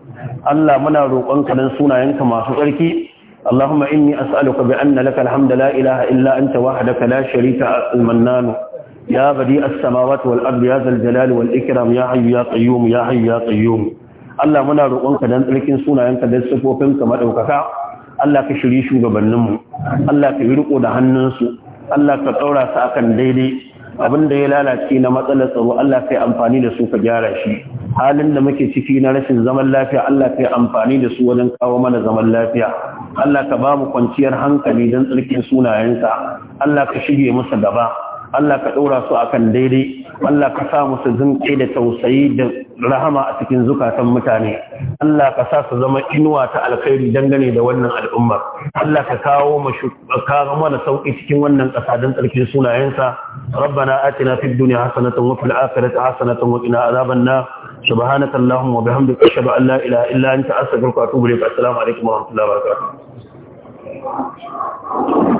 Allah muna roƙon ka dan sunayenka masu tsarki اللهم إني أسألك بأن لك الحمد لا إله إلا أنت وحدك لا شريك المنان يا بديع السماوات والأرض يا ذا الجلال والإكرام يا حي يا قيوم يا حي يا قيوم Allah muna roƙonka dan tsarkin sunayenka da sifofinka madaukaka Allah ka shirya shugabanninmu Allah ka yi riko da hannunsu Allah ka tsaura su akan daidai abin da ya lalace na matsalar tsaro Allah kai amfani da su ka gyara shi halin da muke ciki na rashin zaman lafiya Allah kai amfani da su wajen kawo mana zaman lafiya Allah ka ba mu kwanciyar hankali don tsarkin sunayensa Allah ka shige musu gaba Allah ka ɗora su akan daidai Allah ka sa musu zinƙe da tausayi da rahama a cikin zukatan mutane Allah ka sa su zama inuwa ta alkhairi dangane da wannan al'ummar Allah ka kawo mana sauƙi cikin wannan ƙasa don tsarkin sunayensa ربنا آتنا في الدنيا حسنة وفي الآخرة حسنة وقنا عذاب النار سبحانك اللهم وبحمدك أشهد أن لا إله إلا أنت أستغفرك وأتوب إليك السلام عليكم ورحمة الله وبركاته